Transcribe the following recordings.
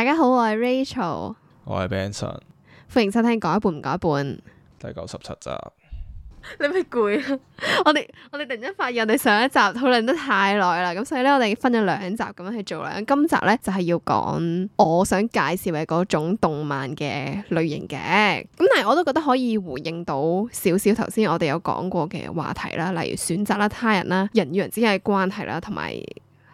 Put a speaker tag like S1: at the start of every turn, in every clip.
S1: 大家好，我係 Rachel，
S2: 我係 Benson，
S1: 歡迎收聽講一半唔講一半，
S2: 第九十七集。
S1: 你咪攰啊！ 我哋我哋突然間發現，我哋上一集討論得太耐啦，咁所以咧，我哋分咗兩集咁樣去做啦。今集咧就係要講我想介紹嘅嗰種動漫嘅類型嘅，咁但係我都覺得可以回應到少少頭先我哋有講過嘅話題啦，例如選擇啦、他人啦、人與人之間嘅關係啦，同埋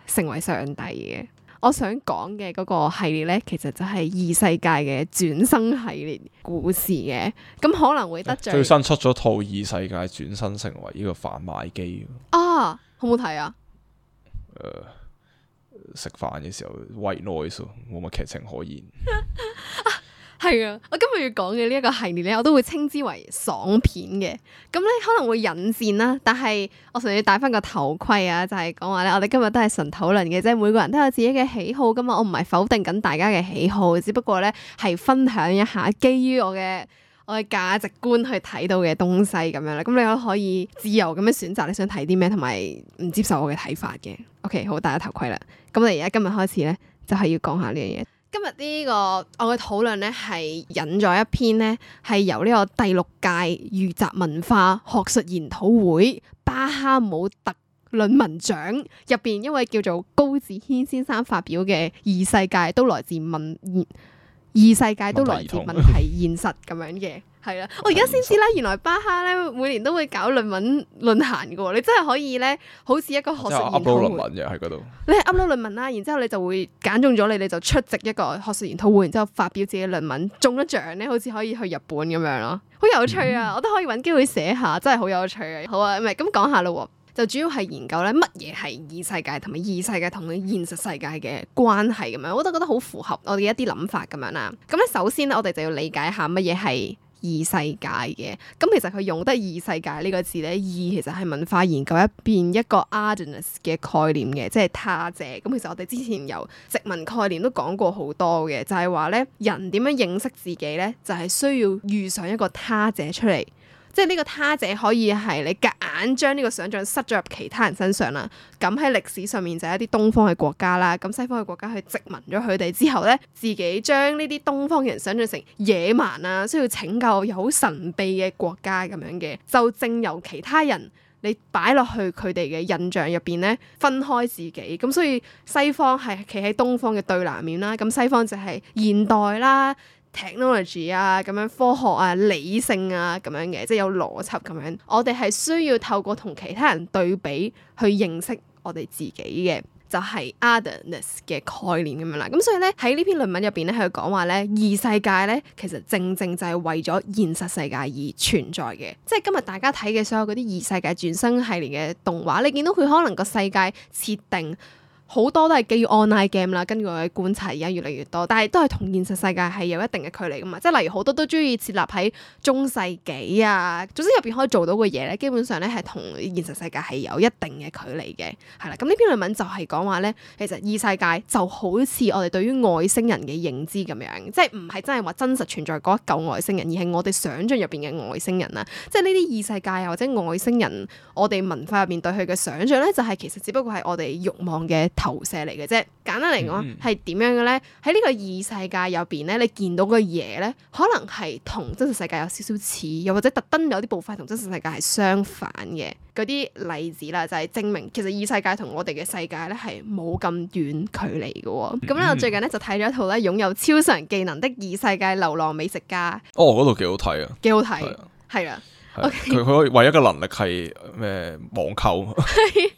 S1: 成為上帝嘅。我想講嘅嗰個系列呢，其實就係異世界嘅轉生系列故事嘅，咁可能會得獎、啊。最新
S2: 出咗套異世界轉生成為呢個販賣機。
S1: 啊，好唔好睇啊！
S2: 食飯嘅時候 White Noise，冇乜劇情可言。
S1: 啊係啊，我今日要講嘅呢一個系列咧，我都會稱之為爽片嘅。咁咧，可能會引戰啦，但係我仲要戴翻個頭盔啊，就係講話咧，我哋今日都係純討論嘅啫。每個人都有自己嘅喜好噶嘛，我唔係否定緊大家嘅喜好，只不過咧，係分享一下基於我嘅我嘅價值觀去睇到嘅東西咁樣啦。咁你都可以自由咁樣選擇你想睇啲咩，同埋唔接受我嘅睇法嘅。OK，好，戴咗頭盔啦。咁我哋而家今日開始咧，就係要講下呢樣嘢。今日呢個我嘅討論咧，係引咗一篇咧，係由呢個第六屆豫集文化學術研討會巴哈姆特論文獎入邊，一位叫做高詣軒先生發表嘅《異世界》，都來自問異世界都來自問題現實咁樣嘅。係啦，我而家先知啦，原來巴哈咧每年都會搞論文論壇嘅喎，你真係可以咧，好似一個學術研討會，即係 upload 論文嘅喺嗰度。你 upload 論文啦，然之後你就會揀中咗你，你就出席一個學術研討會，然之後發表自己嘅論文，中咗獎咧，好似可以去日本咁樣咯，好有趣啊！嗯、我都可以搵機會寫下，真係好有趣啊！好啊，唔係咁講下咯，就主要係研究咧乜嘢係異世界同埋異世界同佢現實世界嘅關係咁樣，我都覺得好符合我哋一啲諗法咁樣啦。咁咧，首先咧，我哋就要理解下乜嘢係。異世界嘅，咁其實佢用得異世界呢個字咧，異其實係文化研究一邊一個 otherness 嘅概念嘅，即係他者。咁其實我哋之前由殖民概念都講過好多嘅，就係話咧，人點樣認識自己咧，就係、是、需要遇上一個他者出嚟，即係呢個他者可以係你夾硬將呢個想像塞咗入其他人身上啦。咁喺歷史上面就係一啲東方嘅國家啦。咁西方嘅國家去殖民咗佢哋之後咧，自己將呢啲東方嘅人想像成野蠻啊，需要拯救又好神秘嘅國家咁樣嘅，就正由其他人你擺落去佢哋嘅印象入邊咧，分開自己。咁所以西方係企喺東方嘅對立面啦。咁西方就係現代啦。Technology 啊，咁樣科學啊，理性啊，咁樣嘅，即係有邏輯咁樣。我哋係需要透過同其他人對比去認識我哋自己嘅，就係 otherness 嘅概念咁樣啦。咁所以咧，喺呢篇論文入邊咧，佢講話咧，異世界咧，其實正正就係為咗現實世界而存在嘅。即係今日大家睇嘅所有嗰啲異世界轉生系列嘅動畫，你見到佢可能個世界設定。好多都係基於 online game 啦，根據我嘅觀察，而家越嚟越多，但係都係同現實世界係有一定嘅距離噶嘛。即係例如好多都中意設立喺中世紀啊，總之入邊可以做到嘅嘢咧，基本上咧係同現實世界係有一定嘅距離嘅。係啦，咁呢篇論文就係講話咧，其實異世界就好似我哋對於外星人嘅認知咁樣，即係唔係真係話真實存在嗰一嚿外星人，而係我哋想象入邊嘅外星人啦。即係呢啲異世界啊，或者外星人，我哋文化入邊對佢嘅想象咧，就係、是、其實只不過係我哋慾望嘅投射嚟嘅啫，簡單嚟講係點樣嘅咧？喺呢個異世界入邊咧，你見到嘅嘢咧，可能係同真實世界有少少似，又或者特登有啲部分同真實世界係相反嘅。嗰啲例子啦，就係證明其實異世界同我哋嘅世界咧係冇咁遠距離㗎喎。咁咧，我最近咧就睇咗一套咧擁有超常技能的異世界流浪美食家。
S2: 哦，嗰套幾好睇啊！幾好睇，
S1: 係啊的。佢可
S2: 以唯一嘅能力係咩？網購。
S1: 咁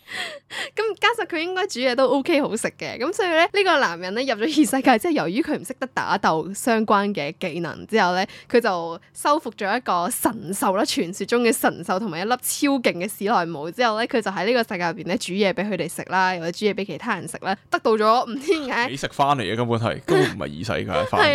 S1: 加上佢應該煮嘢都 O、OK, K 好食嘅。咁所以咧，呢、呢個男人咧入咗異世界之後，即係由於佢唔識得打鬥相關嘅技能之後咧，佢就收服咗一個神獸啦，傳説中嘅神獸同埋一粒超勁嘅史萊姆。之後咧，佢就喺呢個世界入邊咧煮嘢俾佢哋食啦，又或者煮嘢俾其他人食啦，得到咗唔知點解
S2: 美食翻嚟嘅根本係都唔係異世界翻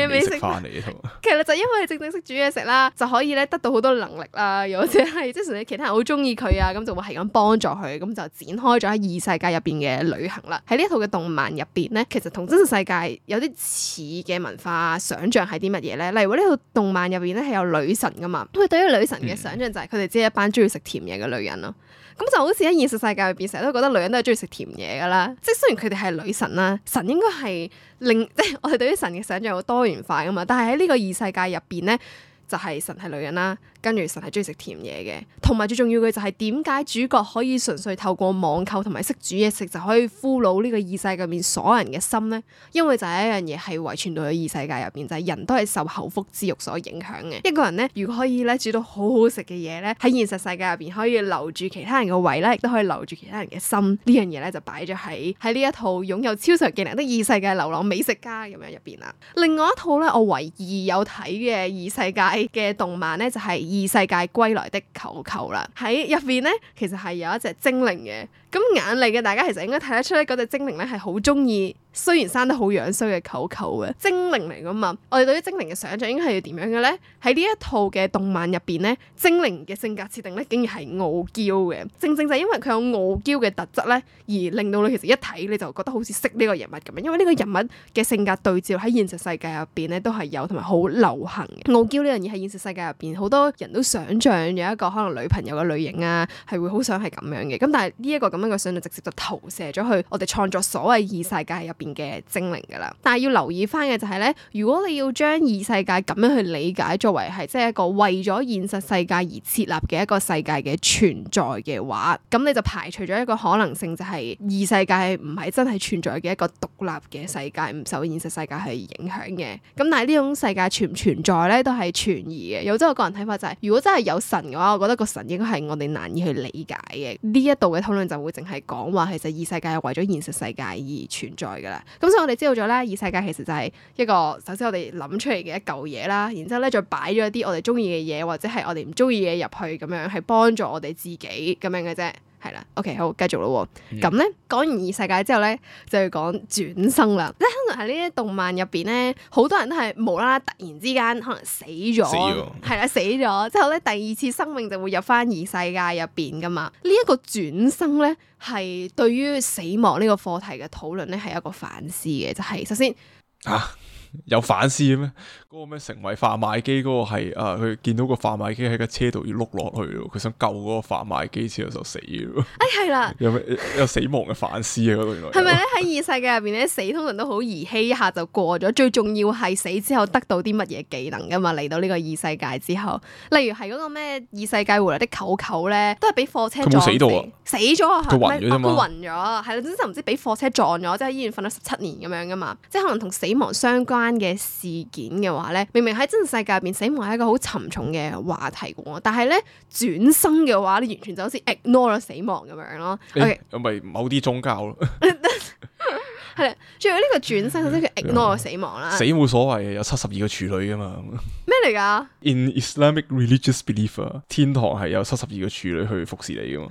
S2: 嚟嘅。
S1: 其實就因為正正識煮嘢食啦，就可以咧得到好多能力啦。或者係即係其他人好中意佢啊，咁就會係咁幫助佢，咁就展開咗喺異世界入邊嘅旅行啦。喺呢一套嘅動漫入邊咧，其實同真實世界有啲似嘅文化想象係啲乜嘢咧？例如話呢套動漫入邊咧係有女神噶嘛。我哋對於女神嘅想象就係佢哋只係一班中意食甜嘢嘅女人咯。咁、嗯、就好似喺現實世界入邊，成日都覺得女人都係中意食甜嘢噶啦。即係雖然佢哋係女神啦，神應該係令即係我哋對於神嘅想象好多元化噶嘛。但係喺呢個異世界入邊咧，就係、是、神係女人啦。跟住實係中意食甜嘢嘅，同埋最重要嘅就係點解主角可以純粹透過網購同埋識煮嘢食就可以俘虜呢個異世界入面所有人嘅心咧？因為就係一樣嘢係遺傳到去異世界入邊，就係、是、人都係受口腹之欲所影響嘅。一個人咧，如果可以咧煮到好好食嘅嘢咧，喺現實世界入邊可以留住其他人嘅胃咧，亦都可以留住其他人嘅心。呢樣嘢咧就擺咗喺喺呢一套擁有超常技能的異世界流浪美食家咁樣入邊啦。另外一套咧，我唯二有睇嘅異世界嘅動漫咧，就係、是。異世界歸來的球球啦，喺入面咧，其實係有一隻精靈嘅。咁眼嚟嘅，大家其實應該睇得出咧，嗰隻精靈咧係好中意，雖然生得好樣衰嘅舅舅嘅精靈嚟噶嘛。我哋對於精靈嘅想像應該係要點樣嘅咧？喺呢一套嘅動漫入邊咧，精靈嘅性格設定咧，竟然係傲嬌嘅。正正就係因為佢有傲嬌嘅特質咧，而令到你其實一睇你就覺得好似識呢個人物咁樣。因為呢個人物嘅性格對照喺現實世界入邊咧，都係有同埋好流行嘅傲嬌呢樣嘢，喺現實世界入邊好多人都想像有一個可能女朋友嘅類型啊，係會好想係咁樣嘅。咁但係呢一個咁。個訊就直接就投射咗去我哋創作所謂異世界入邊嘅精靈噶啦，但係要留意翻嘅就係、是、咧，如果你要將異世界咁樣去理解作為係即係一個為咗現實世界而設立嘅一個世界嘅存在嘅話，咁你就排除咗一個可能性，就係異世界唔係真係存在嘅一個獨立嘅世界，唔受現實世界係影響嘅。咁但係呢種世界存唔存在咧，都係存疑嘅。有真我個，個人睇法就係、是，如果真係有神嘅話，我覺得個神應該係我哋難以去理解嘅。呢一度嘅討論就會。淨係講話，其實異世界係為咗現實世界而存在噶啦。咁所以我哋知道咗咧，異世界其實就係一個，首先我哋諗出嚟嘅一嚿嘢啦，然之後咧再擺咗一啲我哋中意嘅嘢或者係我哋唔中意嘅嘢入去，咁樣係幫助我哋自己咁樣嘅啫。係啦，OK，好，繼續咯。咁咧，講完異世界之後咧，就要講轉生啦。即係通常喺呢啲動漫入邊咧，好多人都係無啦啦突然之間可能死咗，係啦死咗了之後咧，第二次生命就會入翻異世界入邊噶嘛。這個、轉，呢一個轉生咧，係對於死亡呢個課題嘅討論咧，係一個反思嘅。就係、是、首先吓。
S2: 啊有反思嘅咩？嗰、嗰個咩成為販賣機嗰個係啊，佢見到個販賣機喺架車度要碌落去，佢想救嗰個販賣機之後就死咯。係啦、哎，有死亡嘅反思啊？原來係咪咧？
S1: 喺 異世界入邊咧，死通常都好兒戲一下就過咗。最重要係死之後得到啲乜嘢技能噶嘛？嚟到呢個異世界之後，例如係嗰個咩異世界回來的舅舅咧，都係俾貨車撞死咗了啊！佢、啊、暈咗，係啦、總之就唔知俾貨車撞咗、即係，即係喺醫院瞓咗十七年咁樣噶嘛，即係可能同死亡相關，嘅事件嘅話咧，明明喺真實世界入邊，死亡係一個好沉重嘅話題嘅喎，但係咧轉生嘅話，你完全就好似 ignore 咗死亡咁樣咯。
S2: 欸、o Okay .咪某啲宗教
S1: 咯，係啦。仲有呢個轉生，首先就 ignore 死亡啦，死
S2: 冇所謂，有七十二個處女噶嘛。咩嚟噶？In Islamic religious belief 啊，天堂係有七十二個處女去服侍你噶嘛。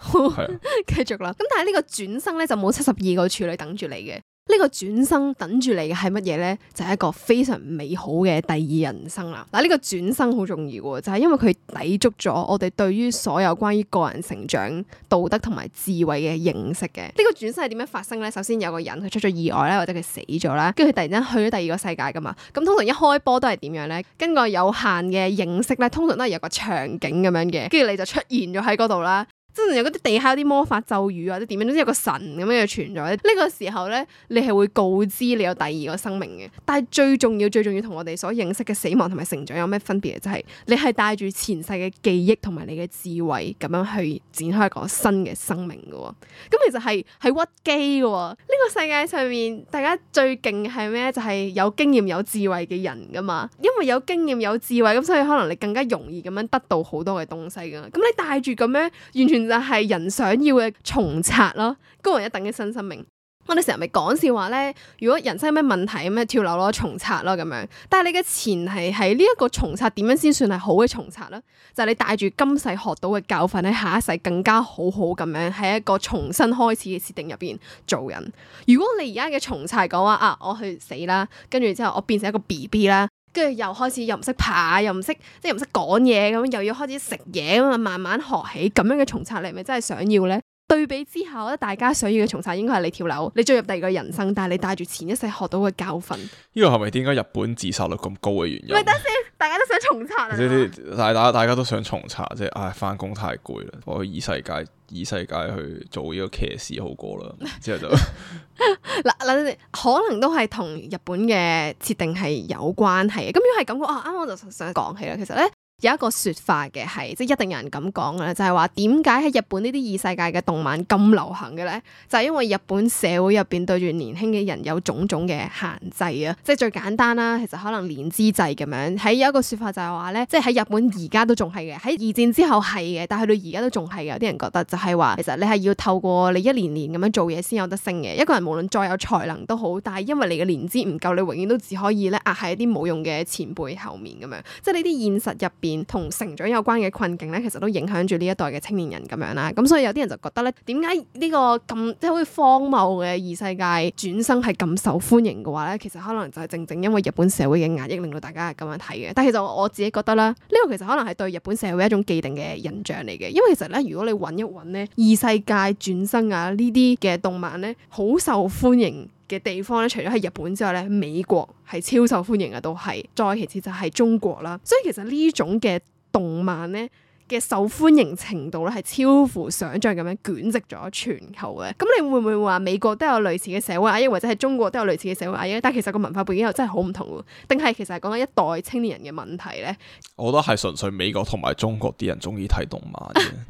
S1: 係 啊， 繼續啦。咁但係呢個轉生咧，就冇七十二個處女等住你嘅。呢個轉生等住你嘅係乜嘢呢？就係、是、一個非常美好嘅第二人生啦。嗱，呢個轉生好重要，就係、是、因為佢抵觸咗我哋對於所有關於個人成長、道德同埋智慧嘅認識嘅。呢、這個轉生係點樣發生呢？首先有個人佢出咗意外啦，或者佢死咗啦，跟住佢突然間去咗第二個世界噶嘛。咁通常一開波都係點樣呢？根據有限嘅認識呢，通常都係有個場景咁樣嘅，跟住你就出現咗喺嗰度啦。即係有嗰啲地下有啲魔法咒語或者點樣，總之有個神咁樣嘅存在。呢個時候咧，你係會告知你有第二個生命嘅。但係最重要、最重要同我哋所認識嘅死亡同埋成長有咩分別咧？就係你係帶住前世嘅記憶同埋你嘅智慧咁樣去展開一個新嘅生命嘅喎。咁其實係係屈機嘅喎。呢個世界上面大家最勁係咩咧？就係有經驗有智慧嘅人噶嘛。因為有經驗有智慧，咁所以可能你更加容易咁樣得到好多嘅東西嘅。咁你帶住咁樣完全。就係人想要嘅重刷咯，高人一等嘅新生命。我哋成日咪講笑話咧，如果人生有咩問題，咁咩跳樓咯，重刷咯咁樣。但係你嘅前提係呢一個重刷點樣先算係好嘅重刷咧？就係你帶住今世學到嘅教訓喺下一世更加好好咁樣，喺一個重新開始嘅設定入邊做人。如果你而家嘅重刷係講話啊，我去死啦，跟住之後我變成一個 B B 啦。跟住又開始又唔識爬，又唔識即係又唔識講嘢咁，又要開始食嘢咁啊！慢慢學起咁樣嘅重刷，你係咪真係想要咧？對比之後，我覺得大家想要嘅重刷應該係你跳樓，你進入第二個人生，但係你帶住前一世學到嘅教訓。
S2: 呢個係咪點解日本自殺率咁高嘅原因？喂，等
S1: 先，大家都想重刷，啊！
S2: 大大家大家都想重刷，即係唉，翻工太攰啦，我去異世界異世界去做呢個騎士好過啦。之後就
S1: 嗱嗱，可能都係同日本嘅設定係有關係嘅。咁如果係咁我啱啱我就想日講起啦，其實咧。有一個說法嘅係，即係一定有人咁講㗎啦，就係話點解喺日本呢啲異世界嘅動漫咁流行嘅咧？就係因為日本社會入邊對住年輕嘅人有種種嘅限制啊！即係最簡單啦，其實可能年資制咁樣。喺有一個說法就係話咧，即係喺日本而家都仲係嘅，喺二戰之後係嘅，但係去到而家都仲係。有啲人覺得就係話，其實你係要透過你一年年咁樣做嘢先有得升嘅。一個人無論再有才能都好，但係因為你嘅年資唔夠，你永遠都只可以咧壓喺一啲冇用嘅前輩後面咁樣。即係呢啲現實入變同成長有關嘅困境咧，其實都影響住呢一代嘅青年人咁樣啦。咁所以有啲人就覺得咧，點解呢個咁即係好似荒謬嘅異世界轉生係咁受歡迎嘅話咧？其實可能就係正正因為日本社會嘅壓抑令到大家係咁樣睇嘅。但係其實我自己覺得咧，呢個其實可能係對日本社會一種既定嘅印象嚟嘅。因為其實咧，如果你揾一揾咧，異世界轉生啊呢啲嘅動漫咧，好受歡迎。嘅地方咧，除咗喺日本之外咧，美國係超受歡迎嘅，都係再其次就係中國啦。所以其實呢種嘅動漫咧嘅受歡迎程度咧，係超乎想象咁樣捲積咗全球嘅。咁你會唔會話美國都有類似嘅社會壓抑，或者係中國都有類似嘅社會壓抑咧？但係其實個文化背景又真係好唔同喎。定係其實係講緊一代青年人嘅問題咧？
S2: 我覺得係純粹美國同埋中國啲人中意睇動漫嘅。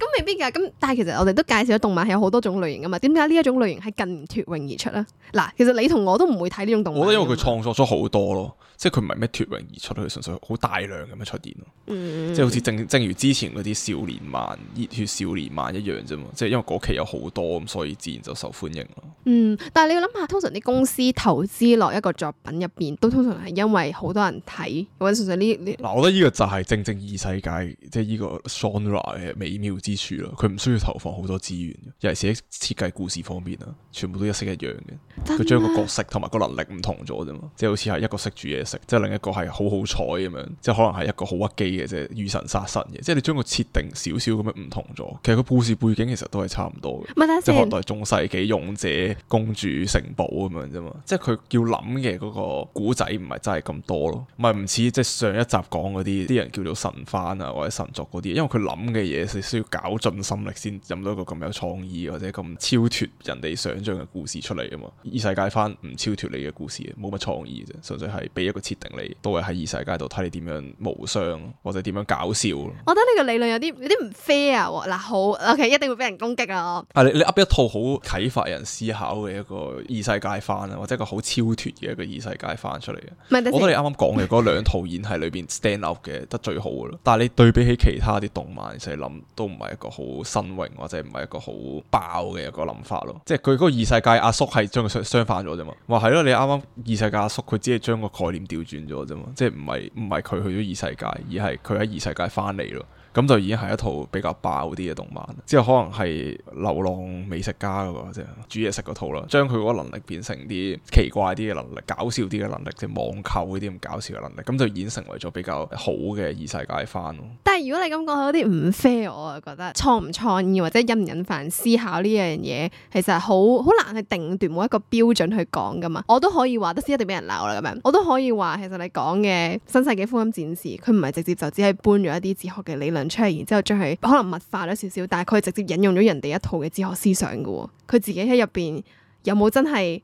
S1: 咁未必噶，咁但係其實我哋都介紹咗動漫係有好多種類型噶嘛，點解呢一種類型係更脫穎而出咧？嗱，其實你同我都唔會睇呢種動漫，我
S2: 覺得因為佢創作咗好多咯，即係佢唔係咩脫穎而出，佢純粹好大量咁樣出現咯，嗯、即係好似正正如之前嗰啲少年漫、熱血少年漫一樣啫嘛，即係因為嗰期有好多咁，所以自然就受歡迎咯。
S1: 嗯，但係你要諗下，通常啲公司投資落一個作品入邊，都通常係因為好多人睇，或者純粹呢呢。嗱，我覺
S2: 得呢、啊、個就係正正異世界，即係呢個 genre 嘅美妙之處咯，佢唔需要投放好多資源，尤其是喺設計故事方面啊，全部都一式一樣嘅。佢將是個角色同埋個能力唔同咗啫嘛，即係好似係一個識煮嘢食，即係另一個係好好彩咁樣，即係可能係一個好屈機嘅，啫，遇神殺神嘅。即係你將個設定少少咁樣唔同咗，其實個故事背景其實都係差唔多嘅等，即係現代、中世紀、勇者、公主、城堡咁樣啫嘛。即係佢要諗嘅嗰個古仔唔係真係咁多咯，唔係唔似即係上一集講嗰啲啲人叫做神番啊或者神作嗰啲，因為佢諗嘅嘢係需要搞盡心力先，諗到一個咁有創意或者咁超脫人哋想象嘅故事出嚟啊嘛！異世界番唔超脫你嘅故事，冇乜創意啫，純粹係俾一個設定你，都係喺異世界度睇你點樣無雙或者點樣搞笑。
S1: 我覺得呢個理論有啲有啲唔 fair 嗱、啊，好，OK，一定會俾人攻擊啊！
S2: 係你你 up 一套好啟發人思考嘅一個異世界番啊，或者一個好超脫嘅一個異世界番出嚟啊！等等我覺得你啱啱講嘅嗰兩套演繹裏邊 stand out 嘅得最好噶啦， 但係你對比起其他啲動漫，成日諗都唔係。一個好新穎或者唔係一個好爆嘅一個諗法咯，即係佢嗰個異世界阿叔係將佢相反咗啫嘛，話係咯，你啱啱異世界阿叔佢只係將個概念調轉咗啫嘛，即係唔係唔係佢去咗異世界，而係佢喺異世界翻嚟咯。咁就已經係一套比較爆啲嘅動漫，之後可能係流浪美食家嗰個即係煮嘢食嗰套啦，將佢嗰個能力變成啲奇怪啲嘅能力、搞笑啲嘅能力，即係網購嗰啲咁搞笑嘅能力，咁就已經成為咗比較好嘅異世界番咯。
S1: 但係如果你咁講，有啲唔 fair 我啊，覺得創唔創意或者引唔引發思考呢樣嘢，其實好好難去定奪某一個標準去講噶嘛。我都可以話得先，一定俾人鬧啦咁樣，我都可以話其實你講嘅新世紀福音戰士，佢唔係直接就只係搬咗一啲哲學嘅理論出嚟，然之後將係可能物化咗少少，但係佢係直接引用咗人哋一套嘅哲學思想嘅，佢自己喺入邊有冇真係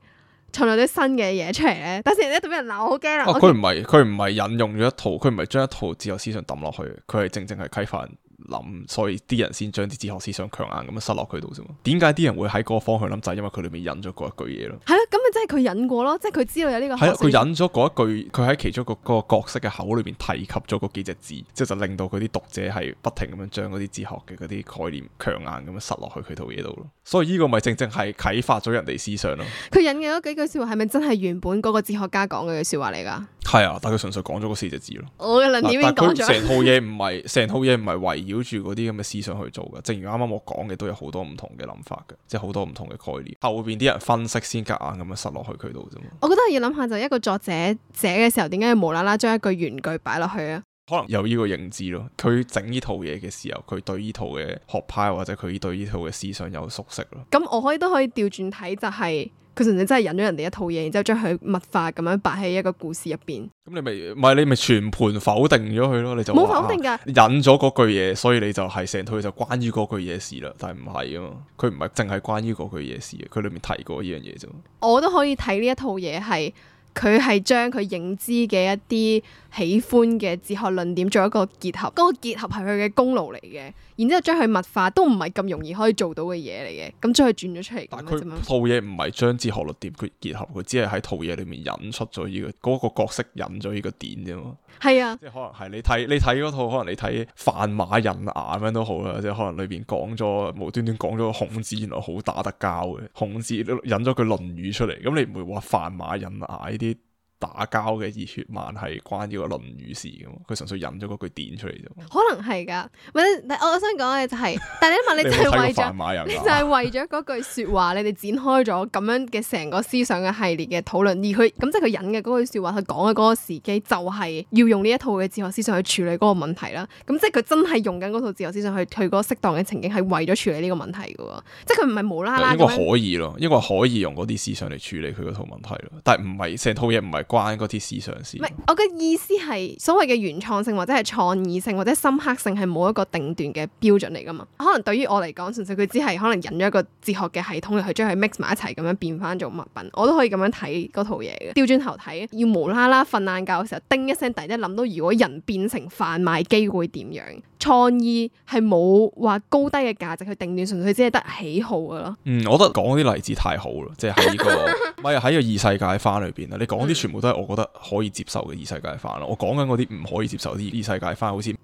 S1: 創造啲新嘅嘢出嚟咧？但係一到俾人鬧我好驚啊。佢唔
S2: 係，佢唔係引用咗一套，佢唔係將一套哲學思想抌落去，佢係正正係規範諗，所以啲人先將啲哲學思想強硬咁樣塞落佢度啫嘛。點解啲人會喺嗰個方向諗就係因為佢裏面引咗嗰一句嘢咯。
S1: 係咯，咁咪即係佢引過咯，即係佢知道有呢個。係咯，佢
S2: 引咗嗰一句，佢喺其中個角色嘅口裏邊提及咗嗰幾隻字，即係就令到佢啲讀者係不停咁樣將嗰啲哲學嘅嗰啲概念強硬咁樣塞落去佢套嘢度咯。所以呢個咪正正係啟發咗人哋思想咯。
S1: 佢引嘅嗰幾句說話係咪真係原本嗰個哲學家講嘅說話嚟噶？
S2: 係啊，但佢純粹講咗嗰四隻字咯。我嘅論點邊講咗？成套嘢唔係，成 套嘢唔係圍繞住嗰啲咁嘅思想去做嘅。正如啱啱我講嘅，都有好多唔同嘅諗法嘅，即係好多唔同嘅概念。後邊啲人分析先夾硬咁樣塞落去佢度啫嘛。
S1: 我覺得要諗下，就一個作者寫嘅時候，點解要無啦啦將一句原句擺落去啊？
S2: 可能有呢個認知咯，佢整呢套嘢嘅時候，佢對呢套嘅學派或者佢對呢套嘅思想有熟悉咯。
S1: 咁我可以都可以調轉睇，就係佢純粹真係引咗人哋一套嘢，然之後將佢物化咁樣擺喺一個故事入邊。
S2: 咁你咪唔係你咪全盤否定咗佢咯？你就冇否定㗎？引咗嗰句嘢，所以你就係成套就關於嗰句嘢事啦。但係唔係啊嘛，佢唔係淨係關於嗰句嘢事嘅，佢裏面提過呢樣嘢啫。
S1: 我都可以睇呢一套嘢係，佢係將佢認知嘅一啲，喜歡嘅哲學論點做一個結合，嗰個結合係佢嘅功勞嚟嘅，然之後將佢物化都唔係咁容易可以做到嘅嘢嚟嘅，咁將佢轉咗出嚟。但佢套
S2: 嘢唔係將哲學論點佢結合，佢只係喺套嘢裏面引出咗呢個嗰個角色引咗呢個點啫嘛。
S1: 係啊，即係可能
S2: 係你睇你睇嗰套可能你睇《範馬人牙》咁樣都好啦，即係可能裏邊講咗無端端講咗孔子原來好打得交嘅，孔子引咗佢《論語》出嚟，咁你唔會話《範馬人牙》呢啲，打交嘅熱血漫係關呢個論語事噶嘛？佢純粹引咗嗰句典出嚟啫。
S1: 可能係噶唔係我想講嘅就係， 但係你問你為咗你就係為咗嗰句說話，你哋展開咗咁樣嘅成個思想嘅系列嘅討論，而佢咁即係佢引嘅嗰句說話，佢講嘅嗰個時機就係、是、要用呢一套嘅哲學思想去處理嗰個問題啦。咁即係佢真係用緊嗰套哲學思想去去嗰適當嘅情景，係為咗處理呢個問題噶喎。即係佢唔係無啦啦。應該可
S2: 以咯，應該可以用嗰啲思想嚟處理佢嗰套問題咯。但係唔係成套嘢唔係。關嗰啲時尚事。唔係，
S1: 我嘅意思係所謂嘅原創性或者係創意性或者深刻性係冇一個定段嘅標準嚟噶嘛？可能對於我嚟講，純粹佢只係可能引咗一個哲學嘅系統入去，將佢 mix 埋一齊，咁樣變翻做物品，我都可以咁樣睇嗰套嘢嘅。調轉頭睇，要無啦啦瞓晏覺嘅時候，叮一聲，突然間諗到如果人變成販賣機會點樣？創意係冇話高低嘅價值去定斷，純粹佢只係得喜好噶咯。
S2: 嗯，我覺得講啲例子太好啦，即係喺呢個咪係喺個異世界番裏邊啦。你講啲全部都係我覺得可以接受嘅異世界番咯。我講緊嗰啲唔可以接受啲異世界番，好似嗱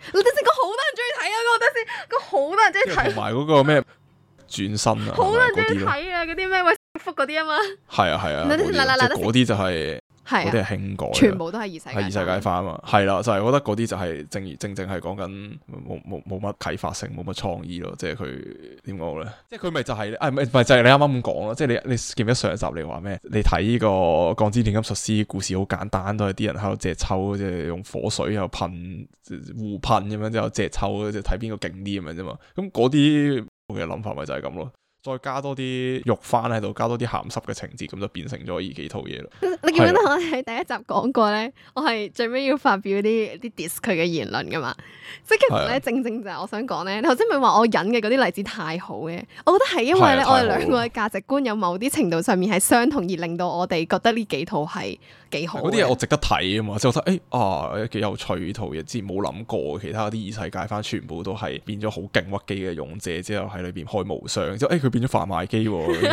S1: 啲，真係好多人中意睇啊！嗰陣時，嗰好多人中意睇，同埋
S2: 嗰個咩轉生啊，好多人中意睇啊，
S1: 嗰啲咩喂福嗰啲啊嘛，
S2: 係啊係啊，嗰啲就係。係啲係輕改，全部都
S1: 係異世，係異世
S2: 界化啊嘛，係啦， 就係、是、我覺得嗰啲就係正，正正正係講緊冇冇冇乜啟發性，冇乜創意咯，即係佢點講咧？即係佢咪就係啊？唔係唔係就係你啱啱咁講咯？即係你你記唔記得上一集你話咩？你睇呢個《鋼之煉金術師》故事好簡單，都係啲人喺度借抽，即係用火水喺度噴互噴咁樣，之後借抽即係睇邊個勁啲咁樣啫嘛。咁嗰啲我嘅諗法咪就係咁咯。再加多啲肉翻喺度，加多啲鹹濕嘅情節，咁就變成咗呢幾套嘢啦。
S1: 你記得我喺第一集講過咧，的我係最尾要發表啲啲 dis 佢嘅言論噶嘛？即係其實咧，的正正就係我想講咧，頭先咪話我忍嘅嗰啲例子太好嘅，我覺得係因為咧，我哋兩個嘅價值觀有某啲程度上面係相同，而令到我哋覺得呢幾套係幾好。嗰啲嘢我
S2: 值得睇啊嘛！即係我睇，誒、欸，啊，幾有趣套！套嘢之前冇諗過，其他啲異世界翻全部都係變咗好勁屈機嘅勇者，之後喺裏邊開無雙，之後誒佢。欸變咗販賣機，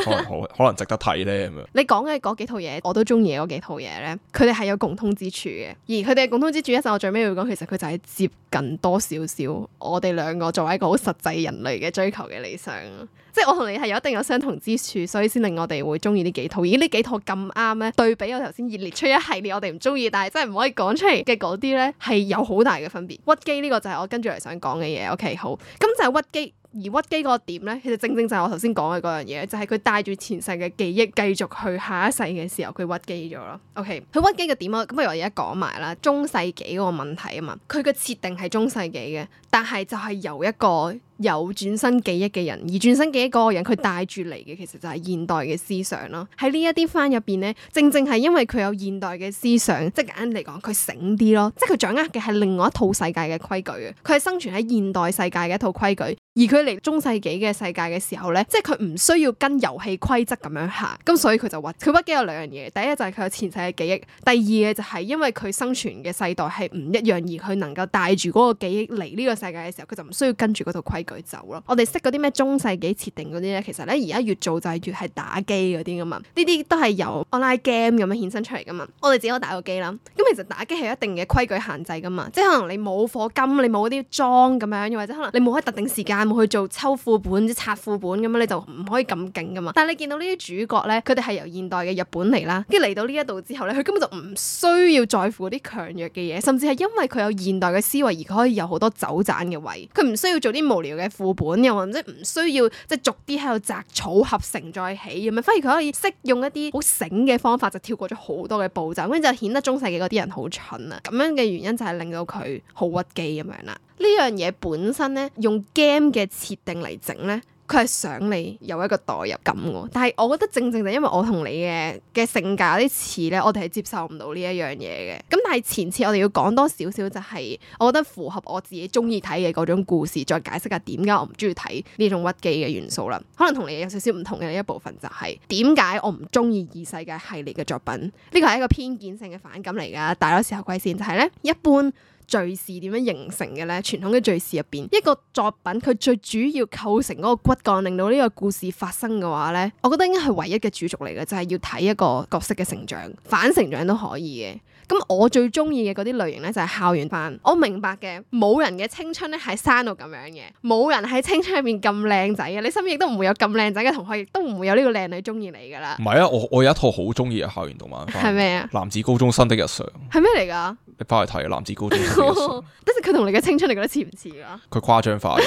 S2: 可能 可能值得睇咧咁樣。
S1: 你講嘅嗰幾套嘢，我都中意嗰幾套嘢咧，佢哋係有共通之處嘅。而佢哋嘅共通之處，一陣我最尾會講，其實佢就係接近多少少我哋兩個作為一個好實際人類嘅追求嘅理想咯。即係我同你係有一定有相同之處，所以先令我哋會中意呢幾套。而呢幾套咁啱咧，對比我頭先熱列出一系列我哋唔中意，但係真係唔可以講出嚟嘅嗰啲咧，係有好大嘅分別。屈機呢個就係我跟住嚟想講嘅嘢。OK，好，咁就係屈機。而屈機嗰個點咧，其實正正就係我頭先講嘅嗰樣嘢，就係佢帶住前世嘅記憶繼續去下一世嘅時候，佢屈機咗咯。OK，佢屈機嘅點啊，咁不如我而家講埋啦。中世紀嗰個問題啊嘛，佢嘅設定係中世紀嘅，但係就係由一個有轉生記憶嘅人，而轉生記憶嗰個人佢帶住嚟嘅其實就係現代嘅思想咯。喺呢一啲番入邊咧，正正係因為佢有現代嘅思想，即係簡單嚟講，佢醒啲咯，即係佢掌握嘅係另外一套世界嘅規矩，佢係生存喺現代世界嘅一套規矩。而佢嚟中世紀嘅世界嘅時候咧，即係佢唔需要跟遊戲規則咁樣行，咁所以佢就屈機，佢屈機有兩樣嘢，第一就係佢有前世嘅記憶，第二就係因為佢生存嘅世代係唔一樣，而佢能夠帶住嗰個記憶嚟呢個世界嘅時候，佢就唔需要跟住嗰套規矩走咯。我哋識嗰啲咩中世紀設定嗰啲咧，其實咧而家越做就係越係打機嗰啲噶嘛，呢啲都係由 online game 咁樣衍生出嚟噶嘛。我哋自己都打過機啦，咁其實打機係有一定嘅規矩限制噶嘛，即係可能你冇火金，你冇嗰啲裝咁樣，又或者可能你冇喺特定時間，去做抽副本，即拆副本咁樣，你就唔可以咁勁噶嘛。但係你見到呢啲主角咧，佢哋係由現代嘅日本嚟啦，跟住嚟到呢一度之後咧，佢根本就唔需要在乎啲強弱嘅嘢，甚至係因為佢有現代嘅思維，而佢可以有好多走盞嘅位。佢唔需要做啲無聊嘅副本，又或者唔需要即係逐啲喺度摘草合成再起咁樣，反而佢可以識用一啲好醒嘅方法，就跳過咗好多嘅步驟，跟住就顯得中世紀嗰啲人好蠢啊。咁樣嘅原因就係令到佢好屈機咁樣啦。呢樣嘢本身咧，用 game 嘅設定嚟整咧，佢係想你有一個代入感喎。但係我覺得正正就因為我同你嘅嘅性格有啲似咧，我哋係接受唔到呢一樣嘢嘅。咁但係前次我哋要講多少少就係，我覺得符合我自己中意睇嘅嗰種故事，再解釋下點解我唔中意睇呢種屈機嘅元素啦。可能同你有少少唔同嘅一部分就係點解我唔中意異世界系列嘅作品。呢個係一個偏見性嘅反感嚟㗎。大多時候歸先就係咧，一般。敘事點樣形成嘅咧？傳統嘅敘事入邊，一個作品佢最主要構成嗰個骨幹，令到呢個故事發生嘅話咧，我覺得應該係唯一嘅主軸嚟嘅，就係要睇一個角色嘅成長，反成長都可以嘅。咁我最中意嘅嗰啲類型咧，就係校園番。我明白嘅，冇人嘅青春咧係生到咁樣嘅，冇人喺青春入面咁靚仔嘅。你身邊亦都唔會有咁靚仔嘅同學，亦都唔會有呢個靚女中意你噶
S2: 啦。唔係啊，我我有一套好中意嘅校園動漫，係咩啊？男子高中生的日常係咩嚟噶？你翻去睇《男子高中》，
S1: 但是佢同你嘅青春像像，你覺得似唔似
S2: 啊？佢誇張化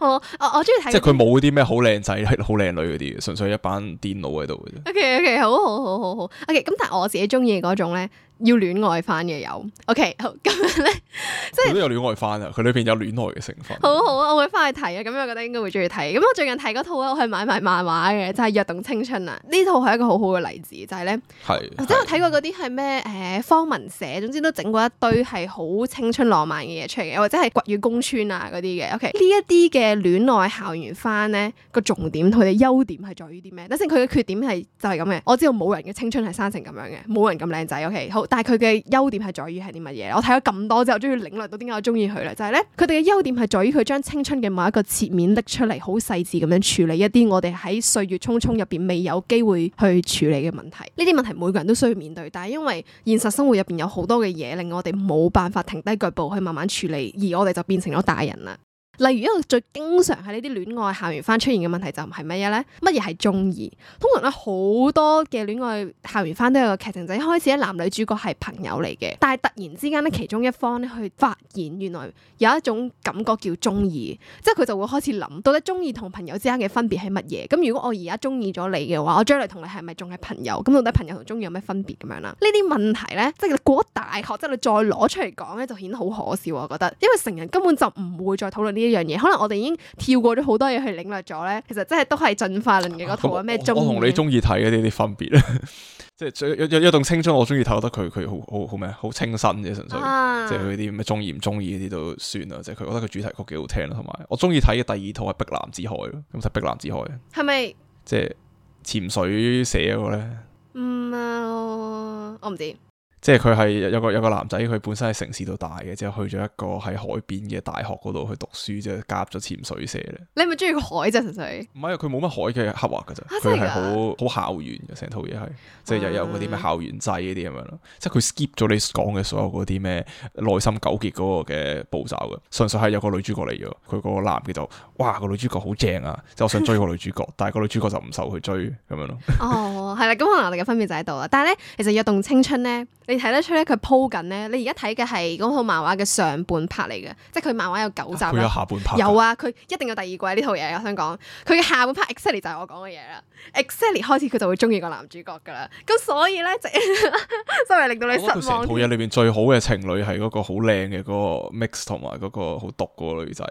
S1: 我我我中意睇，即係佢
S2: 冇啲咩好靚仔、好靚女嗰啲，純粹一班癲佬喺度
S1: 嘅啫。OK OK，好好好好好，OK。咁但係我自己中意嘅嗰種咧。要戀愛翻嘅有，OK，好，咁樣咧，
S2: 即係都有戀愛翻啊！佢裏邊有戀愛嘅成分，好
S1: 好啊！我會翻去睇啊，咁樣我覺得應該會中意睇。咁我最近睇嗰套咧，我係買埋漫畫嘅，就係、是《躍動青春》啊！呢套係一個好好嘅例子，就係、是、咧，係或者我睇過嗰啲係咩誒芳文社，總之都整過一堆係好青春浪漫嘅嘢出嚟嘅，或者係、啊《堀與宮村》啊嗰啲嘅。OK，呢一啲嘅戀愛校園翻咧、那個重點佢哋優點係在於啲咩？等陣，佢嘅缺點係就係咁嘅。我知道冇人嘅青春係生成咁樣嘅，冇人咁靚仔。OK，好。但係佢嘅優點係在於係啲乜嘢？我睇咗咁多之後，終於領略到點解我中意佢啦。就係咧，佢哋嘅優點係在於佢將青春嘅某一個切面拎出嚟，好細致咁樣處理一啲我哋喺歲月匆匆入邊未有機會去處理嘅問題。呢啲問題每個人都需要面對，但係因為現實生活入邊有好多嘅嘢令我哋冇辦法停低腳步去慢慢處理，而我哋就變成咗大人啦。例如一個最經常喺呢啲戀愛校園番出現嘅問題就唔係乜嘢咧？乜嘢係中意？通常咧好多嘅戀愛校園番都有個劇情，就一開始咧男女主角係朋友嚟嘅，但係突然之間咧其中一方咧去發現原來有一種感覺叫中意，即係佢就會開始諗到底中意同朋友之間嘅分別係乜嘢？咁如果我而家中意咗你嘅話，我將來同你係咪仲係朋友？咁到底朋友同中意有咩分別咁樣啦？呢啲問題咧，即係過咗大學即係你再攞出嚟講咧，就顯得好可笑，我覺得，因為成人根本就唔會再討論呢啲。樣嘢，可能我哋已經跳過咗好多嘢去領略咗咧。其實真係都係進化論嘅嗰套啊。咩中我同你中
S2: 意睇嘅呢啲分別咧？即係、就是、最有有一一段青春，我中意睇，我覺得佢佢好好好咩好清新嘅純粹。即係佢啲咩中意唔中意呢啲都算啦。即係佢，我覺得佢主題曲幾好聽啦，同埋我中意睇嘅第二套係《碧藍之海》咯。咁就《碧藍之海》係咪即係潛水寫嗰個咧？
S1: 唔、嗯、啊，我唔知。
S2: 即係佢係有個有個男仔，佢本身係城市度大嘅，之後去咗一個喺海邊嘅大學嗰度去讀書，就加入咗潛水社咧。
S1: 你係咪中意個海啫純粹？
S2: 唔係，佢冇乜海嘅刻畫噶啫，佢係好好校園嘅，成套嘢係，即係又有嗰啲咩校園制嗰啲咁樣咯。哎、即係佢 skip 咗你講嘅所有嗰啲咩內心糾結嗰個嘅步驟嘅，純粹係有個女主角嚟嘅，佢嗰個男嘅就哇，個女主角好正啊，即係我想追個女主角， 但係個女主角就唔受佢追咁樣咯。
S1: 哦，係啦， 咁可能我哋嘅分別就喺度啦。但係咧，其實《躍動青春》呢咧。你睇得出咧，佢鋪緊咧。你而家睇嘅係嗰套漫畫嘅上半拍嚟嘅，即係佢漫畫有九集。佢有下半拍。有啊，佢一定有第二季呢套嘢。我想講，佢嘅下半拍 exactly 就係我講嘅嘢啦。exactly 開始佢就會中意個男主角㗎啦。咁所以咧，就 係令到你失望。成套嘢
S2: 裏邊最好嘅情侶係嗰個好靚嘅嗰個 mix 同埋嗰個好毒嗰個女仔。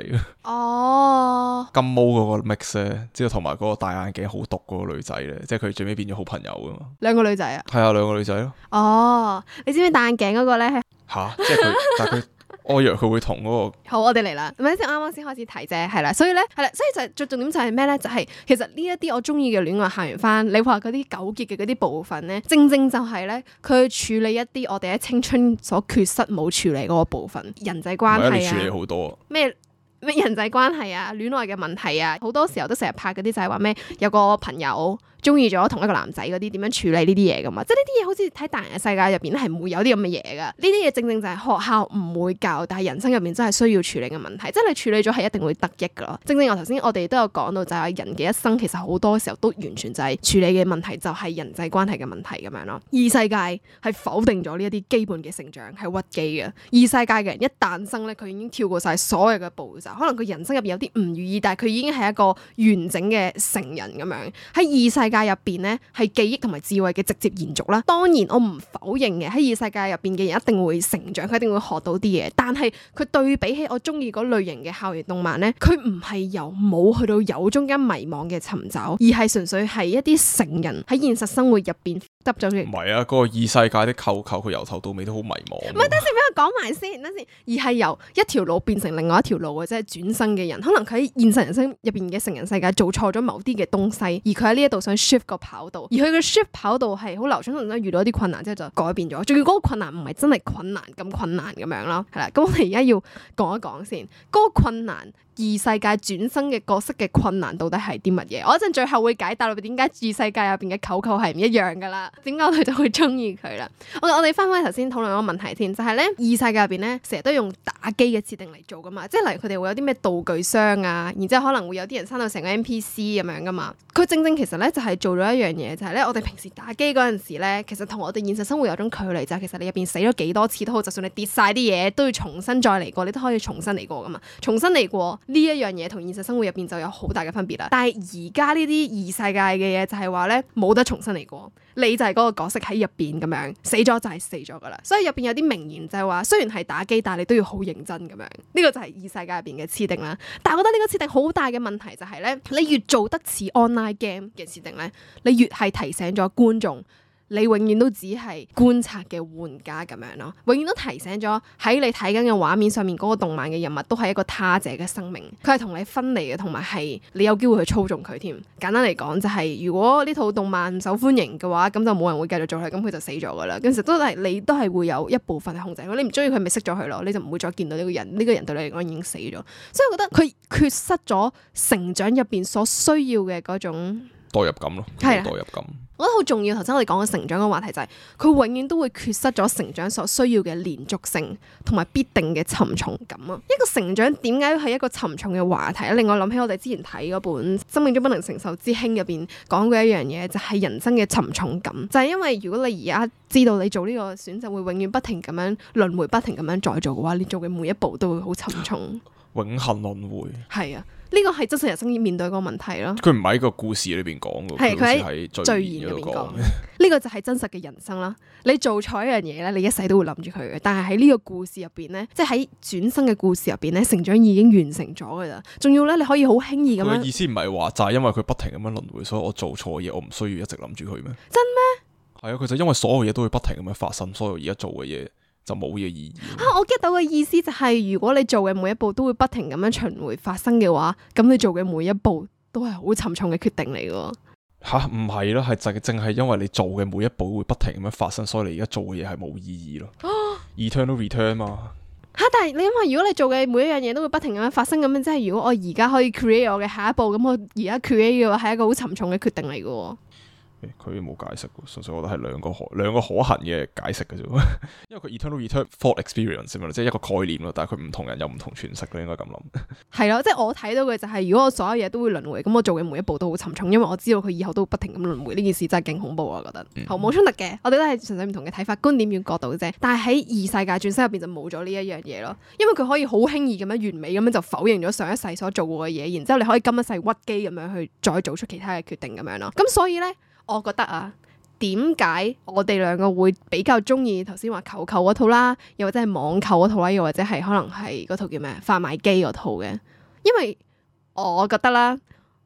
S1: 哦。
S2: 金毛嗰個 mix 咧，之後同埋嗰個戴眼鏡好毒嗰個女仔咧，即係佢最尾變咗好朋友㗎嘛。
S1: 兩個女仔
S2: 啊。係啊，兩個女仔咯。
S1: 哦。你知唔知戴眼鏡嗰個咧？吓，即
S2: 係佢， 但係佢我以為佢會同嗰個。
S1: 好，我哋嚟啦，唔係先，啱啱先開始提啫，係啦，所以咧，係啦，所以就最、是、重點就係咩咧？就係、是、其實呢一啲我中意嘅戀愛校園番，你話嗰啲糾結嘅嗰啲部分咧，正正就係咧，佢處理一啲我哋喺青春所缺失冇處理嗰個部分，人際關係啊，處理好多咩咩人際關係啊，戀愛嘅問題啊，好多時候都成日拍嗰啲就係話咩有個朋友。中意咗同一個男仔嗰啲點樣處理呢啲嘢噶嘛？即係呢啲嘢好似睇大人嘅世界入邊咧，係唔會有啲咁嘅嘢噶。呢啲嘢正正就係學校唔會教，但係人生入面真係需要處理嘅問題。即係你處理咗係一定會得益噶咯。正正我頭先我哋都有講到，就係人嘅一生其實好多時候都完全就係處理嘅問題，就係、是、人際關係嘅問題咁樣咯。異世界係否定咗呢一啲基本嘅成長，係屈機嘅。異世界嘅人一誕生咧，佢已經跳過晒所有嘅步驟，可能佢人生入面有啲唔如意，但係佢已經係一個完整嘅成人咁樣喺異世。世界入邊呢，係記憶同埋智慧嘅直接延續啦。當然我唔否認嘅，喺異世界入邊嘅人一定會成長，佢一定會學到啲嘢。但係佢對比起我中意嗰類型嘅校園動漫呢，佢唔係由冇去到有中間迷茫嘅尋找，而係純粹係一啲成人喺現實生活入邊揼咗出嚟。唔係
S2: 啊，嗰、嗰個異世界的舅舅佢由頭到尾都好迷茫。唔
S1: 係，等先俾我講埋先，等先。而係由一條路變成另外一條路嘅即係轉生嘅人，可能佢喺現實人生入邊嘅成人世界做錯咗某啲嘅東西，而佢喺呢一度想。shift 個跑道，而佢嘅 shift 跑道係好流暢，咁咧遇到一啲困難之後就改變咗，仲要嗰個困難唔係真係困難咁困難咁樣囉，係啦，咁我哋而家要講一講先，嗰個困難。異世界轉生嘅角色嘅困難到底係啲乜嘢？我一陣最後會解答落去點解異世界入邊嘅舅舅係唔一樣㗎啦？點解我哋就會中意佢啦？我我哋翻返去頭先討論嗰個問題先，就係咧異世界入邊咧，成日都用打機嘅設定嚟做噶嘛。即係例如佢哋會有啲咩道具箱啊，然之後可能會有啲人生到成個 NPC 咁樣噶嘛。佢正正其實咧就係做咗一樣嘢，就係咧我哋平時打機嗰陣時咧，其實同我哋現實生活有種距離，就係其實你入邊死咗幾多次都好，就算你跌晒啲嘢都要重新再嚟過，你都可以重新嚟過噶嘛。重新嚟過。呢一樣嘢同現實生活入邊就有好大嘅分別啦。但係而家呢啲異世界嘅嘢就係話咧，冇得重新嚟過，你就係嗰個角色喺入邊咁樣，死咗就係死咗㗎啦。所以入邊有啲名言就係話，雖然係打機，但係你都要好認真咁樣。呢、這個就係異世界入邊嘅設定啦。但係我覺得呢個設定好大嘅問題就係、是、咧，你越做得似 online game 嘅設定咧，你越係提醒咗觀眾。你永遠都只係觀察嘅玩家咁樣咯，永遠都提醒咗喺你睇緊嘅畫面上面嗰個動漫嘅人物都係一個他者嘅生命，佢係同你分離嘅，同埋係你有機會去操縱佢添。簡單嚟講就係，如果呢套動漫唔受歡迎嘅話，咁就冇人會繼續做佢，咁佢就死咗噶啦。其實都係你都係會有一部分控制佢，你唔中意佢咪熄咗佢咯，你就唔會再見到呢個人。呢個人對你嚟講已經死咗，所以我覺得佢缺失咗成長入邊所需要嘅嗰種。
S2: 代入感咯，係代入感，我
S1: 覺得好重要。頭先我哋講嘅成長嘅話題就係，佢永遠都會缺失咗成長所需要嘅連續性，同埋必定嘅沉重感啊！一個成長點解係一個沉重嘅話題？令我諗起我哋之前睇嗰本《生命中不能承受之輕》入邊講過一樣嘢，就係人生嘅沉重感。就係因為如果你而家知道你做呢個選擇會永遠不停咁樣輪迴，不停咁樣再做嘅話，你做嘅每一步都會好沉重。
S2: 永恆輪迴
S1: 係啊，呢個係真實人生要面對個問題咯。
S2: 佢唔係喺個故事裏邊講嘅，係佢喺序言裏邊講。
S1: 呢個就係真實嘅人生啦。你做錯一樣嘢咧，你一世都會諗住佢嘅。但係喺呢個故事入邊咧，即係喺轉生嘅故事入邊咧，成長已經完成咗噶啦。仲要咧，你可以好輕易咁樣。佢嘅意
S2: 思唔係話就係因為佢不停咁樣輪迴，所以我做錯嘅嘢，我唔需要一直諗住佢咩？真咩？係啊，佢就因為所有嘢都會不停咁樣發生，所以而家做嘅嘢。就冇嘢意義。
S1: 嚇、啊，我 get 到嘅意思就係，如果你做嘅每一步都會不停咁樣循回發生嘅話，咁你做嘅每一步都係好沉重嘅決定嚟嘅。
S2: 吓？唔係咯，係正正係因為你做嘅每一步會不停咁樣發生，所以你而家做嘅嘢係冇意義咯。Eternal、啊、Return 嘛。
S1: 吓、啊？但係你因為如果你做嘅每一樣嘢都會不停咁樣發生，咁樣即係如果我而家可以 create 我嘅下一步，咁我而家 create 嘅話係一個好沉重嘅決定嚟嘅。
S2: 佢冇、欸、解釋嘅，純粹我覺得係兩個可兩個可行嘅解釋嘅啫。因為佢 eternal return thought experiment 即係一個概念咯。但係佢唔同人有唔同詮釋，你應該咁諗。
S1: 係咯，即係我睇到嘅就係、是，如果我所有嘢都會輪回，咁我做嘅每一步都好沉重，因為我知道佢以後都不停咁輪回。呢件事真係勁恐怖啊！我覺得好冇衝突嘅，我哋都係純粹唔同嘅睇法、觀點與角度啫。但係喺異世界轉生入邊就冇咗呢一樣嘢咯，因為佢可以好輕易咁樣完美咁樣就否認咗上一世所做過嘅嘢，然之後你可以今一世屈機咁樣去再做出其他嘅決定咁樣咯。咁所以呢。我覺得啊，點解我哋兩個會比較中意頭先話球球嗰套啦，又或者係網球嗰套啦，又或者係可能係嗰套叫咩？販賣機嗰套嘅。因為我覺得啦、啊，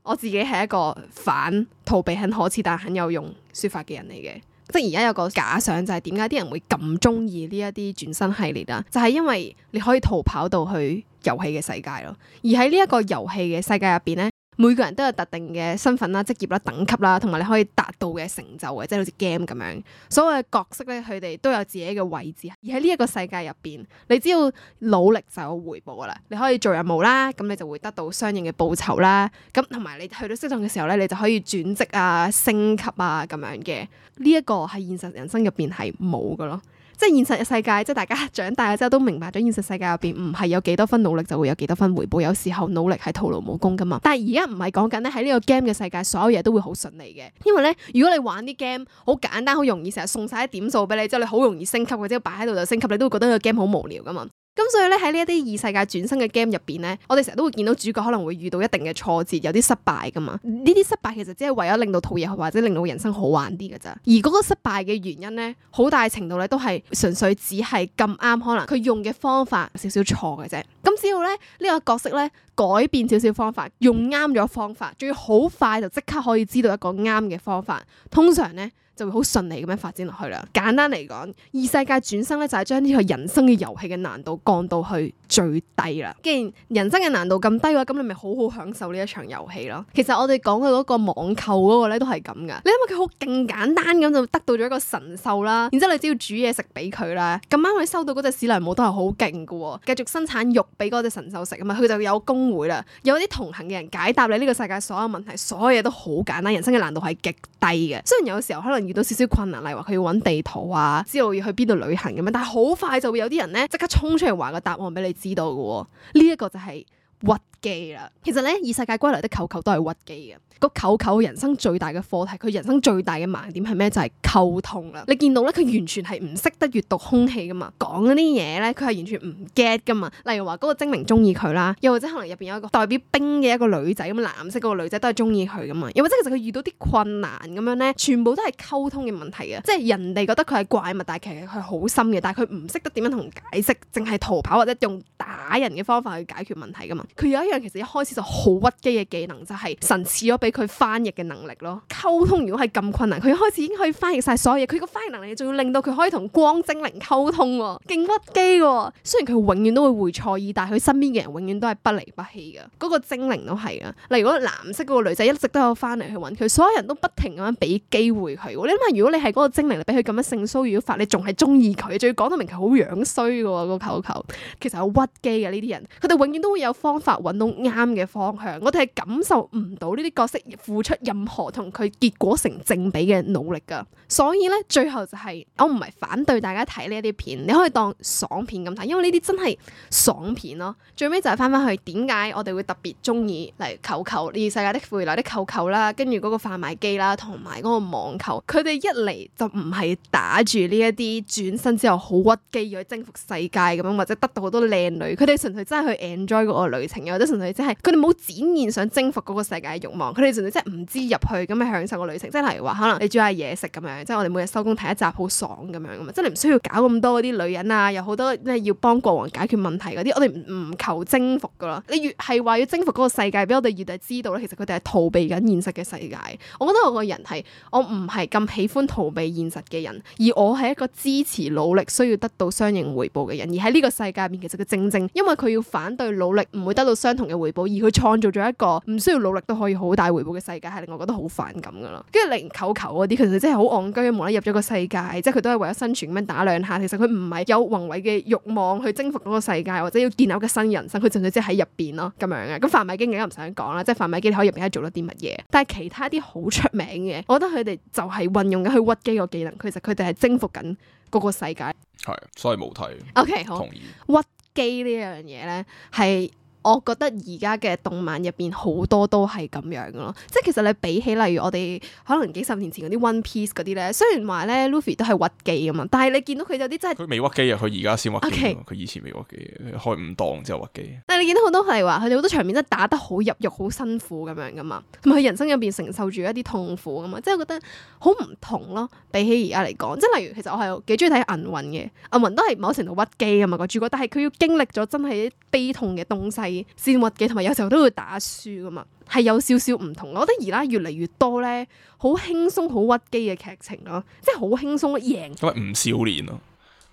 S1: 我自己係一個反逃避很可恥但很有用說法嘅人嚟嘅，即係而家有個假想就係點解啲人會咁中意呢一啲轉生系列啊？就係、是、因為你可以逃跑到去遊戲嘅世界咯，而喺呢一個遊戲嘅世界入邊咧。每個人都有特定嘅身份啦、職業啦、等級啦，同埋你可以達到嘅成就嘅，即係好似 game 咁樣。所有嘅角色咧，佢哋都有自己嘅位置。而喺呢一個世界入邊，你只要努力就有回報噶啦。你可以做任務啦，咁你就會得到相應嘅報酬啦。咁同埋你去到適當嘅時候咧，你就可以轉職啊、升級啊咁樣嘅。呢一個喺現實人生入邊係冇噶咯。即係現實嘅世界，即係大家長大咗之後都明白咗現實世界入邊唔係有幾多分努力就會有幾多分回報，有時候努力係徒勞無功噶嘛。但係而家唔係講緊咧，喺呢個 game 嘅世界，所有嘢都會好順利嘅。因為咧，如果你玩啲 game 好簡單、好容易，成日送晒一點數俾你，之後你好容易升級嘅，之後擺喺度就升級，你都會覺得呢個 game 好無聊噶嘛。咁所以咧，喺呢一啲異世界轉生嘅 game 入邊咧，我哋成日都會見到主角可能會遇到一定嘅挫折，有啲失敗噶嘛。呢啲失敗其實只係為咗令到套嘢，或者令到人生好玩啲噶咋。而嗰個失敗嘅原因咧，好大程度咧都係純粹只係咁啱，可能佢用嘅方法有少少錯嘅啫。咁只要咧呢個角色咧改變少少方法，用啱咗方法，仲要好快就即刻可以知道一個啱嘅方法，通常呢，就會好順利咁樣發展落去啦。簡單嚟講，異世界轉生咧就係將呢個人生嘅遊戲嘅難度降到去最低啦。既然人生嘅難度咁低嘅話，咁你咪好好享受呢一場遊戲咯。其實我哋講嘅嗰個網購嗰個咧都係咁噶。你諗下佢好勁簡單咁就得到咗一個神獸啦，然之後你只要煮嘢食俾佢啦，咁啱你收到嗰隻史萊姆都係好勁嘅喎。繼續生產肉俾嗰隻神獸食啊嘛，佢就有公會啦，有啲同行嘅人解答你呢個世界所有問題，所有嘢都好簡單，人生嘅難度係極低嘅。雖然有時候可能，遇到少少困難，例如話佢要揾地圖啊，知道要去邊度旅行咁樣，但係好快就會有啲人咧即刻衝出嚟話個答案俾你知道㗎喎，呢一個就係，屈機啦，其實咧，異世界歸來的舅舅都係屈機嘅。個舅舅人生最大嘅課題，佢人生最大嘅盲點係咩？就係溝通啦。你見到咧，佢完全係唔識得閲讀空氣噶嘛，講嗰啲嘢咧，佢係完全唔 get 噶嘛。例如話嗰個精靈中意佢啦，又或者可能入邊有一個代表冰嘅一個女仔咁，藍色嗰個女仔都係中意佢噶嘛。又或者其實佢遇到啲困難咁樣咧，全部都係溝通嘅問題啊！即係人哋覺得佢係怪物，但係其實佢好深嘅，但係佢唔識得點樣同解釋，淨係逃跑或者用打人嘅方法去解決問題噶嘛。佢有一樣其實一開始就好屈機嘅技能，就係、是、神賜咗俾佢翻譯嘅能力咯。溝通如果係咁困難，佢一開始已經可以翻譯晒所有嘢，佢個翻譯能力仲要令到佢可以同光精靈溝通喎，勁屈機喎。雖然佢永遠都會會錯意，但係佢身邊嘅人永遠都係不離不棄嘅，嗰、那個精靈都係啊。例如果藍色嗰個女仔一直都有翻嚟去揾佢，所有人都不停咁樣俾機會佢。你諗下，如果你係嗰個精靈，你俾佢咁樣性騷擾法，你仲係中意佢？仲要講到明佢好樣衰嘅喎，個球球其實好屈機嘅呢啲人，佢哋永遠都會有方方法揾到啱嘅方向，我哋係感受唔到呢啲角色付出任何同佢結果成正比嘅努力噶，所以咧最後就係、是、我唔係反對大家睇呢一啲片，你可以當爽片咁睇，因為呢啲真係爽片咯。最尾就係翻翻去點解我哋會特別中意嚟球球呢世界的富二代的球球啦，跟住嗰個販賣機啦，同埋嗰個網球，佢哋一嚟就唔係打住呢一啲轉生之後好屈機要去征服世界咁樣，或者得到好多靚女，佢哋純粹真係去 enjoy 嗰個女情啊！或者純粹即係佢哋冇展現想征服嗰個世界嘅欲望，佢哋純粹即係唔知入去咁樣享受個旅程。即係例如話，可能你煮下嘢食咁樣，即係我哋每日收工睇一集好爽咁樣，即係你唔需要搞咁多嗰啲女人啊，有好多即係要幫國王解決問題嗰啲，我哋唔求征服噶咯。你越係話要征服嗰個世界，俾我哋越係知道咧，其實佢哋係逃避緊現實嘅世界。我覺得我個人係我唔係咁喜歡逃避現實嘅人，而我係一個支持努力需要得到相應回報嘅人。而喺呢個世界入面，其實佢正正因為佢要反對努力，唔會。得到相同嘅回報，而佢創造咗一個唔需要努力都可以好大回報嘅世界，係令我覺得好反感噶啦。跟住零球球嗰啲，其實真係好戇居，無啦啦入咗個世界，即係佢都係為咗生存咁樣打兩下。其實佢唔係有宏偉嘅欲望去征服嗰個世界，或者要建立一個新人生，佢淨係即係喺入邊咯咁樣嘅。咁《販賣機》梗唔想講啦，即係《販賣機》你可以入邊係做咗啲乜嘢？但係其他啲好出名嘅，我覺得佢哋就係運用緊去屈機個技能，其實佢哋係征服緊嗰個世界。
S2: 係，所以冇睇。Okay，好，同意。
S1: 屈機呢樣嘢咧，係。我覺得而家嘅動漫入邊好多都係咁樣嘅咯，即係其實你比起例如我哋可能幾十年前嗰啲 One Piece 嗰啲咧，雖然話咧 Luffy 都係屈機㗎嘛，但係你見到佢有啲真係佢
S2: 未屈機啊，佢而家先屈機佢 Okay, 以前未屈機，開五檔之後屈機。
S1: 但係你見到好多係話佢哋好多場面真係打得好入肉，好辛苦咁樣噶嘛，同埋佢人生入邊承受住一啲痛苦啊嘛，即係我覺得好唔同咯，比起而家嚟講，即係例如其實我係幾中意睇銀魂嘅，銀魂都係某程度屈機啊嘛個主角，但係佢要經歷咗真係悲痛嘅東西。善屈機，同埋有時候都會打輸噶嘛，係有少少唔同。我覺得而家越嚟越多咧，好輕鬆好屈機嘅劇情咯，即係好輕鬆贏。
S2: 咁係唔少年咯，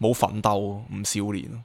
S2: 冇奮鬥唔少年。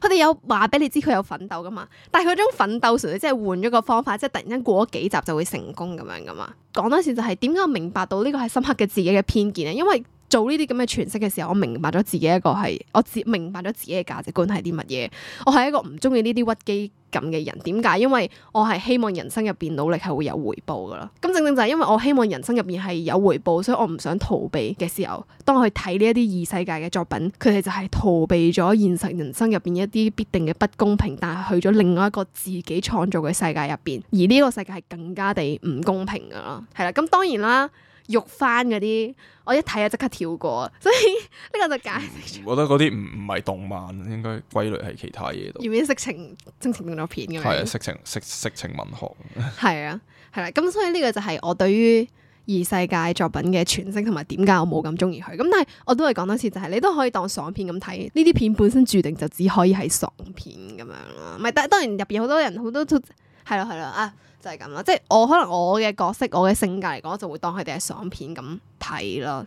S1: 佢哋有話俾你知佢有奮鬥噶嘛，但係佢種奮鬥純粹即係換咗個方法，即係突然間過咗幾集就會成功咁樣噶嘛。講多次，就係點解我明白到呢個係深刻嘅自己嘅偏見咧，因為。做呢啲咁嘅詮釋嘅時候，我明白咗自己一個係，我自明白咗自己嘅價值觀係啲乜嘢。我係一個唔中意呢啲屈機感嘅人。點解？因為我係希望人生入邊努力係會有回報噶啦。咁正正就係因為我希望人生入邊係有回報，所以我唔想逃避嘅時候，當我去睇呢一啲異世界嘅作品，佢哋就係逃避咗現實人生入邊一啲必定嘅不公平，但係去咗另外一個自己創造嘅世界入邊，而呢個世界係更加地唔公平噶啦。係啦，咁當然啦。.肉翻嗰啲，我一睇啊即刻跳過，所以呢個就解
S2: 釋咗。我覺得嗰啲唔唔係動漫，應該歸類係其他嘢度。原
S1: 本色情、色情動作片咁樣。係啊，色
S2: 情、色色情文學。
S1: 係 啊，係啦、啊，咁所以呢個就係我對於異世界作品嘅詮釋同埋點解我冇咁中意佢。咁但係我都係講多次，就係、是、你都可以當爽片咁睇。呢啲片本身注定就只可以係爽片咁樣咯。唔係，但係當然入邊好多人好多都係咯係咯啊。就係咁啦，即係我可能我嘅角色、我嘅性格嚟講，就會當佢哋係爽片咁睇咯。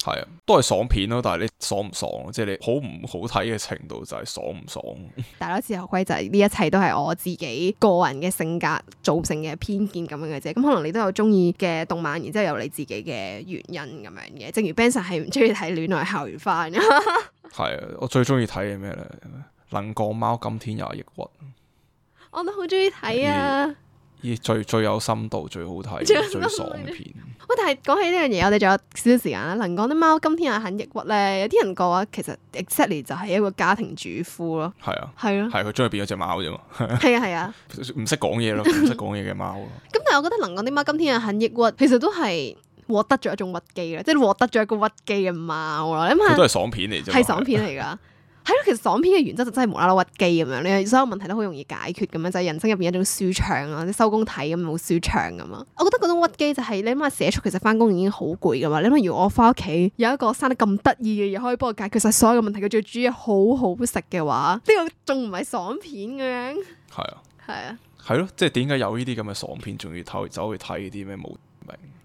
S2: 係啊，都係爽片咯，但係你爽唔爽？即係你好唔好睇嘅程度就係爽唔爽？
S1: 大家之後規則呢？一切都係我自己個人嘅性格造成嘅偏見咁樣嘅啫。咁可能你都有中意嘅動漫，然之後有你自己嘅原因咁樣嘅。正如 Benson 係唔中意睇戀愛校園番，
S2: 係 啊，我最中意睇嘅咩咧？冷降貓今天又抑鬱，
S1: 我都好中意睇啊！
S2: 最最有深度、最好睇、 最爽片。
S1: 好，但係講起呢樣嘢，我哋仲有少少時間啦。能講啲貓今天係很抑鬱咧。有啲人講話其實 exactly 就係一個家庭主婦咯。係啊，係 啊，
S2: 係佢鍾意變咗隻貓啫嘛。係啊，係啊，唔識講嘢咯，唔識講嘢嘅貓咯。
S1: 咁但係我覺得能講啲貓今天係很抑鬱，其實都係獲得咗一種屈機啦，即係獲得咗一個屈機嘅貓啦。咁、嗯、啊，都係
S2: 爽片嚟啫，係爽
S1: 片嚟㗎。係咯，其實爽片嘅原則就真係無啦啦屈機咁樣，你所有問題都好容易解決咁樣，就係、是、人生入邊一種舒暢啦，你收工睇咁冇舒暢噶嘛。我覺得嗰種屈機就係、是、你諗下寫出其實翻工已經好攰噶嘛，你諗下，如果我翻屋企有一個生得咁得意嘅嘢可以幫我解決晒所有嘅問題，佢仲要煮嘢好好食嘅話，呢、這個仲唔係爽片嘅？係啊，係啊，
S2: 係咯，即係點解有呢啲咁嘅爽片，仲要睇走去睇呢啲咩冇？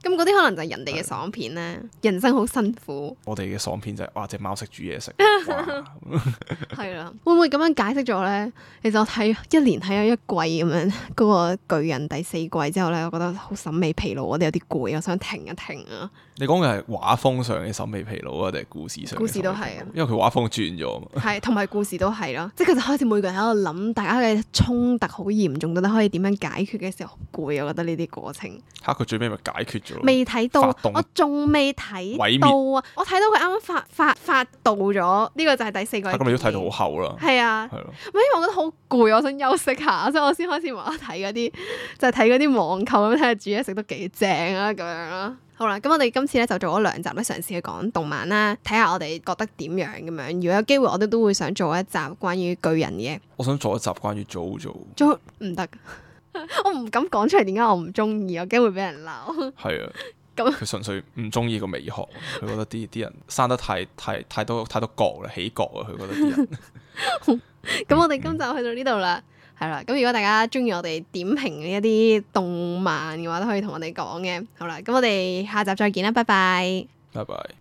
S1: 咁嗰啲可能就係人哋嘅爽片咧，的人生好辛苦。
S2: 我哋嘅爽片就係、是、哇，隻貓識煮嘢食。
S1: 係啦， 會唔會咁樣解釋咗咧？其實我睇一年睇咗一季咁樣嗰個巨人第四季之後咧，我覺得好審美疲勞，我哋有啲攰，我想停一停啊。
S2: 你講嘅係畫風上嘅審美疲勞啊，定係故事上？故事都係啊，因為佢畫風轉咗啊嘛。
S1: 係，同埋故事都係咯， 即係佢就開始每個人喺度諗，大家嘅衝突好嚴重，到底可以點樣解決嘅時候好攰啊！我覺得呢啲過程。
S2: 嚇佢最尾咪解決咗未睇到，動我
S1: 仲未睇到啊！我睇到佢啱啱發發發到咗，呢個就係第四季。咁你都睇
S2: 到好後啦。係啊，係咯，啊。因
S1: 為我覺得好攰，我想休息下，所以我先開始話睇嗰啲，就係睇嗰啲網購咁睇下煮嘢食都幾正啊，咁樣啦。好啦，咁我哋今次咧就做咗兩集咧，嘗試去講動漫啦，睇下我哋覺得點樣咁樣。如果有機會，我哋都會想做一集關於巨人嘅。
S2: 我想做一集關於祖祖，
S1: 祖，唔得，我唔敢講出嚟，點解我唔中意？我驚會俾人鬧。
S2: 係啊。咁佢純粹唔中意個美學，佢覺得啲啲人生得太太太多太多角啦，起角啊！佢覺得啲
S1: 人。咁、 嗯、我哋今集去到呢度啦。 係啦，咁如果大家中意我哋點評一啲動漫嘅話，都可以同我哋講嘅。好啦，咁我哋下集再見啦，拜拜，
S2: 拜拜。